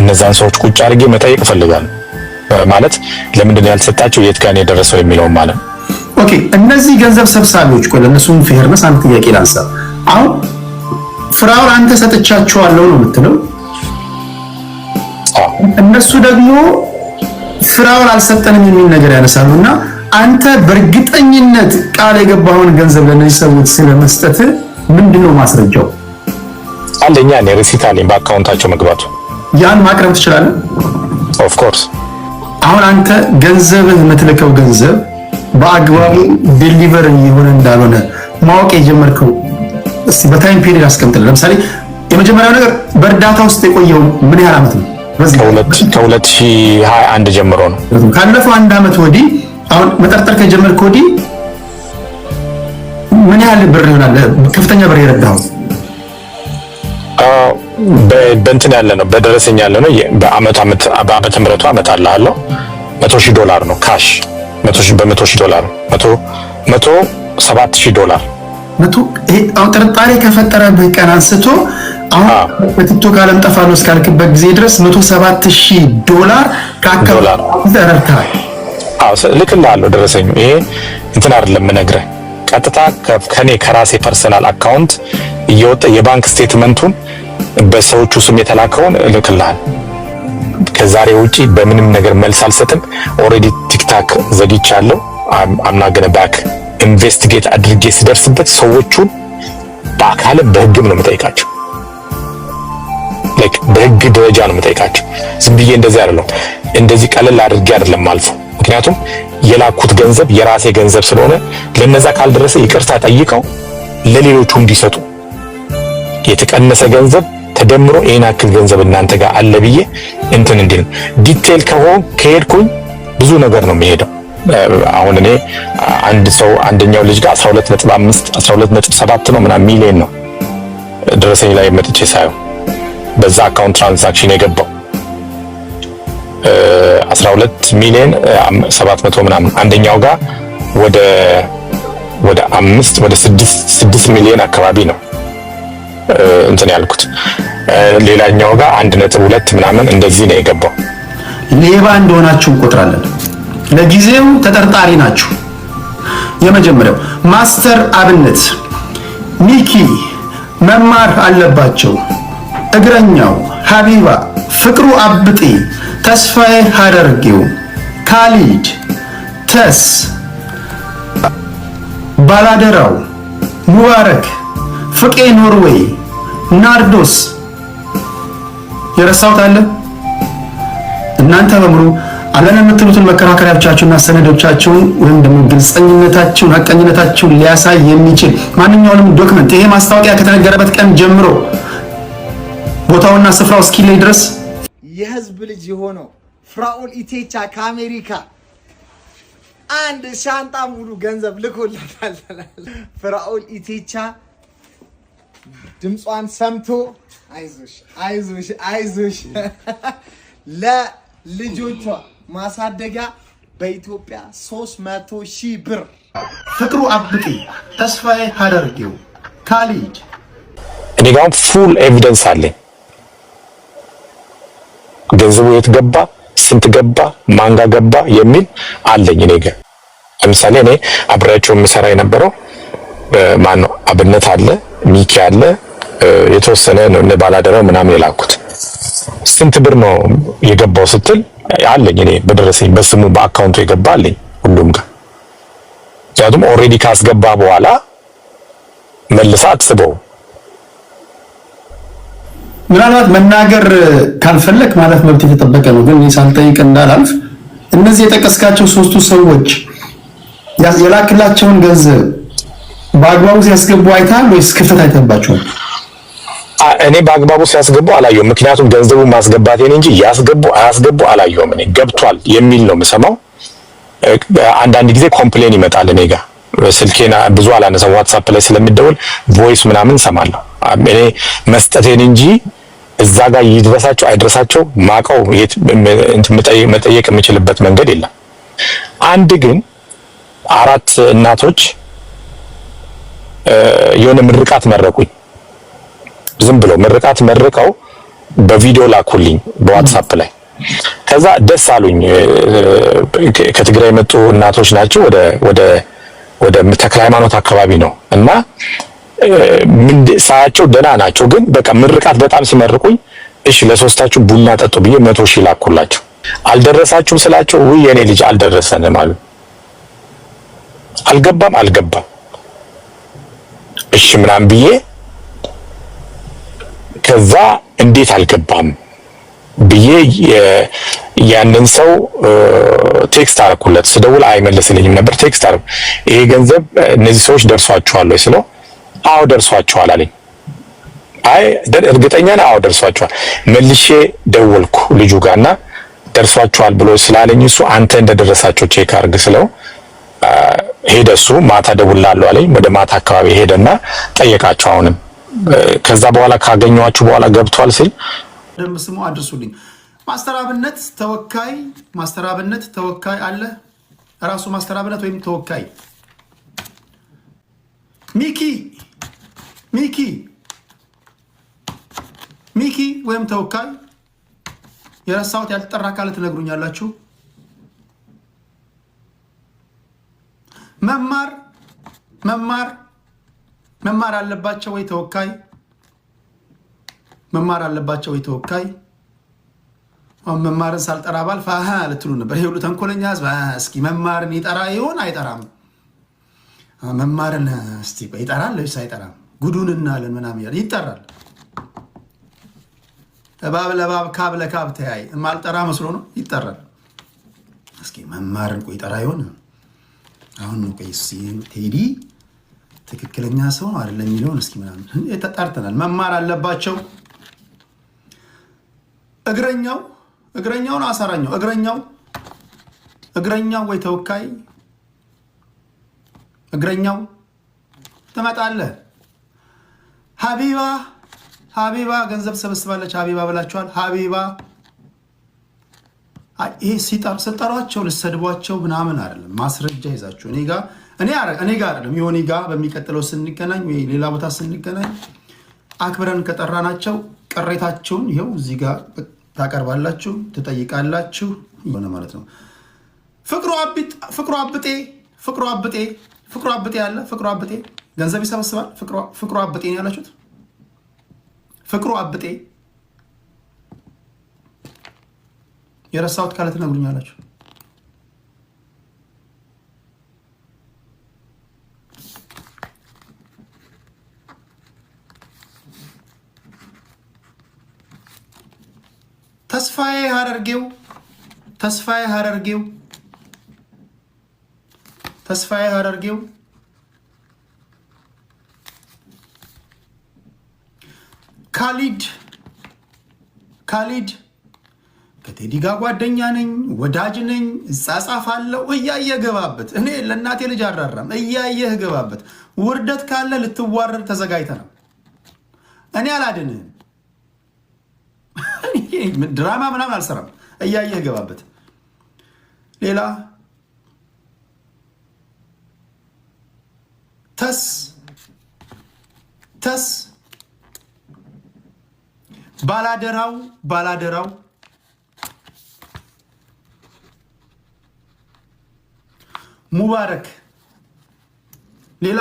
እነዛን ሰዎች ቁጭ አድርጌ መጠየቅ እፈልጋለሁ። ማለት ለምንድን ነው የት ጋር የደረሰው የሚለውን ማለት ኦኬ። እነዚህ ገንዘብ ሰብሳቢዎች ቆይ፣ ለእነሱም ፌርነስ አንድ ጥያቄ ላንሳ። አሁን ፍራውር አንተ ሰጥቻቸዋለሁ ነው የምትለው፣ እነሱ ደግሞ ፍራውን አልሰጠንም የሚል ነገር ያነሳሉ እና አንተ በእርግጠኝነት ቃል የገባውን ገንዘብ ለእነዚህ ሰዎች ስለመስጠት ምንድን ነው ማስረጃው? አንደኛ እኔ ሪሲት አለኝ በአካውንታቸው መግባቱ ያን ማቅረብ ትችላለህ። ኦፍኮርስ አሁን አንተ ገንዘብህ የምትልከው ገንዘብ በአግባቡ ዴሊቨር የሆነ እንዳልሆነ ማወቅ የጀመርከው በታይም ፔሪድ አስቀምጥልህ። ለምሳሌ የመጀመሪያው ነገር በእርዳታ ውስጥ የቆየው ምን ያህል ዓመት ነው? ከ2021 ጀምሮ ነው። ካለፈው አንድ ዓመት ወዲህ አሁን መጠርጠር ከጀመርክ ወዲህ ምን ያህል ብር ይሆናል? ከፍተኛ ብር የረዳኸው በእንትን ያለ ነው በደረሰኝ ያለ ነው። በአመት አመት በአመት ምረቱ አመት አለ አለው ሺህ ዶላር ነው ካሽ 100 ሺህ በ ሺህ ዶላር 100 107 ሺህ ዶላር መቶ አሁን ጥርጣሬ ከፈጠረብህ ቀን አንስቶ አሁን በቲክቶክ አለም ጠፋለሁ እስካልክበት ጊዜ ድረስ 107 ሺህ ዶላር ከአካባቢ ተረድተሃል። ልክልሃለሁ ደረሰኝ ይሄ እንትን አይደለም የምነግርህ ቀጥታ ከኔ ከራሴ ፐርሰናል አካውንት እየወጣ የባንክ ስቴትመንቱን በሰዎቹ ስም የተላከውን እልክልሃል። ከዛሬ ውጪ በምንም ነገር መልስ አልሰጥም። ኦልሬዲ ቲክታክ ዘግቻለሁ። አምናገነ ባክ ኢንቨስቲጌት አድርጌ ስደርስበት ሰዎቹን በአካል በህግም ነው የምጠይቃቸው። በህግ ደረጃ ነው የምጠይቃቸው። ዝም ብዬ እንደዚህ አይደለም፣ እንደዚህ ቀለል አድርጌ አይደለም አልፎ ምክንያቱም የላኩት ገንዘብ የራሴ ገንዘብ ስለሆነ ለነዛ ካልደረሰ ይቅርታ ጠይቀው ለሌሎቹ እንዲሰጡ የተቀነሰ ገንዘብ ተደምሮ ይህን አክል ገንዘብ እናንተ ጋር አለ ብዬ እንትን እንዲል ዲቴል ከሆን ከሄድኩኝ ብዙ ነገር ነው የሚሄደው። አሁን እኔ አንድ ሰው አንደኛው ልጅ ጋር 12.5 12.7 ነው ምናምን ሚሊዮን ነው ደረሰኝ ላይ መጥቼ ሳየው በዛ አካውንት ትራንዛክሽን የገባው 12 ሚሊዮን 700 ምናምን አንደኛው ጋር ወደ ወደ አምስት ወደ ስድስት ሚሊዮን አካባቢ ነው እንትን ያልኩት ሌላኛው ጋር አንድ ነጥብ ሁለት ምናምን እንደዚህ ነው የገባው። ሌባ እንደሆናችሁ እንቆጥራለን። ለጊዜው ተጠርጣሪ ናችሁ። የመጀመሪያው ማስተር አብነት ሚኪ መማር አለባቸው፣ እግረኛው ሀቢባ፣ ፍቅሩ አብጤ፣ ተስፋዬ ሀደርጌው፣ ካሊድ ተስ፣ ባላደራው፣ ሙባረክ፣ ፍቄ፣ ኖርዌይ፣ ናርዶስ የረሳሁት አለ? እናንተ በሙሉ አለን የምትሉትን መከራከሪያዎቻችሁና ሰነዶቻችሁን ወይም ደግሞ ግልፀኝነታችሁን ሀቀኝነታችሁን ሊያሳይ የሚችል ማንኛውንም ዶክመንት ይሄ ማስታወቂያ ከተነገረበት ቀን ጀምሮ ቦታውና ስፍራው እስኪለይ ድረስ የህዝብ ልጅ የሆነው ፍራኦል ኢቴቻ ከአሜሪካ አንድ ሻንጣ ሙሉ ገንዘብ ልኮላታል። ፍራኦል ኢቴቻ ድምጿን ሰምቶ አይዞሽ አይዞሽ አይዞሽ ለልጆቿ ማሳደጊያ በኢትዮጵያ 300 ሺህ ብር ፍቅሩ አብቂ ተስፋዬ ሀደርጌው ካሊ እኔ ጋር ፉል ኤቪደንስ አለኝ። ገንዘቡ የት ገባ፣ ስንት ገባ፣ ማንጋ ገባ የሚል አለኝ እኔ ጋር። ለምሳሌ እኔ አብሬያቸው የምሰራ የነበረው ማን ነው አብነት አለ ሚኪ አለ የተወሰነ ነው ባላደራው ምናምን የላኩት ስንት ብር ነው የገባው ስትል አለኝ እኔ በደረሰኝ በስሙ በአካውንቱ የገባ አለኝ ሁሉም ጋር። ምክንያቱም ኦልሬዲ ካስገባ በኋላ መልሳ አትስበው። ምናልባት መናገር ካልፈለግ ማለት መብት የተጠበቀ ነው፣ ግን ሳልጠይቅ እንዳላልፍ እነዚህ የጠቀስካቸው ሶስቱ ሰዎች የላክላቸውን ገንዘብ በአግባቡ ሲያስገቡ አይታል ወይስ ክፍተት አይተባቸዋል? እኔ በአግባቡ ሲያስገቡ አላየሁም። ምክንያቱም ገንዘቡ ማስገባቴን እንጂ ያስገቡ አያስገቡ አላየሁም። እኔ ገብቷል የሚል ነው የምሰማው። አንዳንድ ጊዜ ኮምፕሌን ይመጣል እኔ ጋር ስልኬና ብዙ አላነሳም። ዋትሳፕ ላይ ስለሚደውል ቮይስ ምናምን ሰማለሁ። እኔ መስጠቴን እንጂ እዛ ጋር ይድረሳቸው አይድረሳቸው ማቀው መጠየቅ የምችልበት መንገድ የለም። አንድ ግን አራት እናቶች የሆነ ምርቃት መረቁኝ። ዝም ብሎ ምርቃት መርቀው በቪዲዮ ላኩልኝ በዋትሳፕ ላይ። ከዛ ደስ አሉኝ። ከትግራይ የመጡ እናቶች ናቸው። ወደ ወደ ወደ ተክለ ሃይማኖት አካባቢ ነው እና ምን ሳያቸው ደህና ናቸው፣ ግን በቃ ምርቃት በጣም ሲመርቁኝ፣ እሺ ለሶስታችሁ ቡና ጠጡ ብዬ መቶ ሺህ ላኩላቸው። አልደረሳችሁም ስላቸው ውይ የኔ ልጅ አልደረሰንም አሉ። አልገባም አልገባም እሺ ምናምን ብዬ ከዛ እንዴት አልገባም ብዬ ያንን ሰው ቴክስት አርኩለት። ስደውል አይመለስልኝም ነበር። ቴክስት አርኩ ይሄ ገንዘብ እነዚህ ሰዎች ደርሷቸዋል ወይ ስለው፣ አዎ ደርሷቸዋል አለኝ። አይ እርግጠኛ ነህ? አዎ ደርሷቸዋል። መልሼ ደወልኩ ልጁ ጋር እና ደርሷቸዋል ብሎ ስላለኝ እሱ አንተ እንደደረሳቸው ቼክ አርግ ስለው ሄደ እሱ ማታ ደውላለሁ አለኝ። ወደ ማታ አካባቢ ሄደና ጠየቃቸው። አሁንም ከዛ በኋላ ካገኘኋችሁ በኋላ ገብቷል ሲል ደም ስሙ አድርሱልኝ። ማስተር አብነት ተወካይ ማስተር አብነት ተወካይ አለ ራሱ ማስተር አብነት ወይም ተወካይ ሚኪ ሚኪ ሚኪ ወይም ተወካይ የረሳሁት ያልተጠራ ካለ ትነግሩኛላችሁ። መማር መማር መማር አለባቸው ወይ ተወካይ መማር አለባቸው ወይ ተወካይ አሁን መማርን ሳልጠራ ባልፍ አሀ ልትሉ ነበር። ይሄ ሁሉ ተንኮለኛ ህዝብ እስኪ መማርን ይጠራ ይሆን አይጠራም? መማርን እስቲ ይጠራል ወይስ አይጠራም? ጉዱን እናለን ምናምን እያለ ይጠራል። እባብ ለባብ ካብ ለካብ ተያይ ማልጠራ መስሎ ነው ይጠራል። እስኪ መማርን ቆይ ይጠራ ይሆን አሁን ነው ቀይስ ቴዲ ትክክለኛ ሰው አይደለም የሚለውን እስኪ ምናምን ተጣርተናል። መማር አለባቸው። እግረኛው ነው አሳራኛው እግረኛው እግረኛው ወይ ተወካይ እግረኛው ትመጣለህ። ሀቢባ ሀቢባ ገንዘብ ሰበስባለች። ሀቢባ ብላችኋል። ሀቢባ ይሄ ስጠሯቸው ልሰድቧቸው ምናምን አይደለም። ማስረጃ ይዛችሁ እኔ ጋ እኔ ጋ አይደለም የሆኔ ጋ በሚቀጥለው ስንገናኝ ወይ ሌላ ቦታ ስንገናኝ አክብረን ከጠራናቸው ቅሬታቸውን ይኸው እዚህ ጋር ታቀርባላችሁ፣ ትጠይቃላችሁ ሆነ ማለት ነው። ፍቅሩ አብጤ ፍቅሩ አብጤ ፍቅሩ አብጤ ያለ ፍቅሩ አብጤ ገንዘብ ይሰበስባል። ፍቅሩ አብጤ ነው ያላችሁት። ፍቅሩ አብጤ የረሳሁት ካለ ትነግሩኝ አላቸው። ተስፋዬ ሀረርጌው ተስፋዬ ሀረርጌው ተስፋዬ ሀረርጌው ካሊድ ካሊድ ከቴዲ ጋር ጓደኛ ነኝ፣ ወዳጅ ነኝ፣ እጻጻፋለሁ እያየህ ገባበት። እኔ ለእናቴ ልጅ አራራም እያየህ ገባበት። ውርደት ካለ ልትዋረድ ተዘጋጅተ ነው። እኔ አላድንህም። ድራማ ምናምን አልሰራም። እያየህ ገባበት። ሌላ ተስ ተስ ባላደራው ባላደራው ሙባረክ ሌላ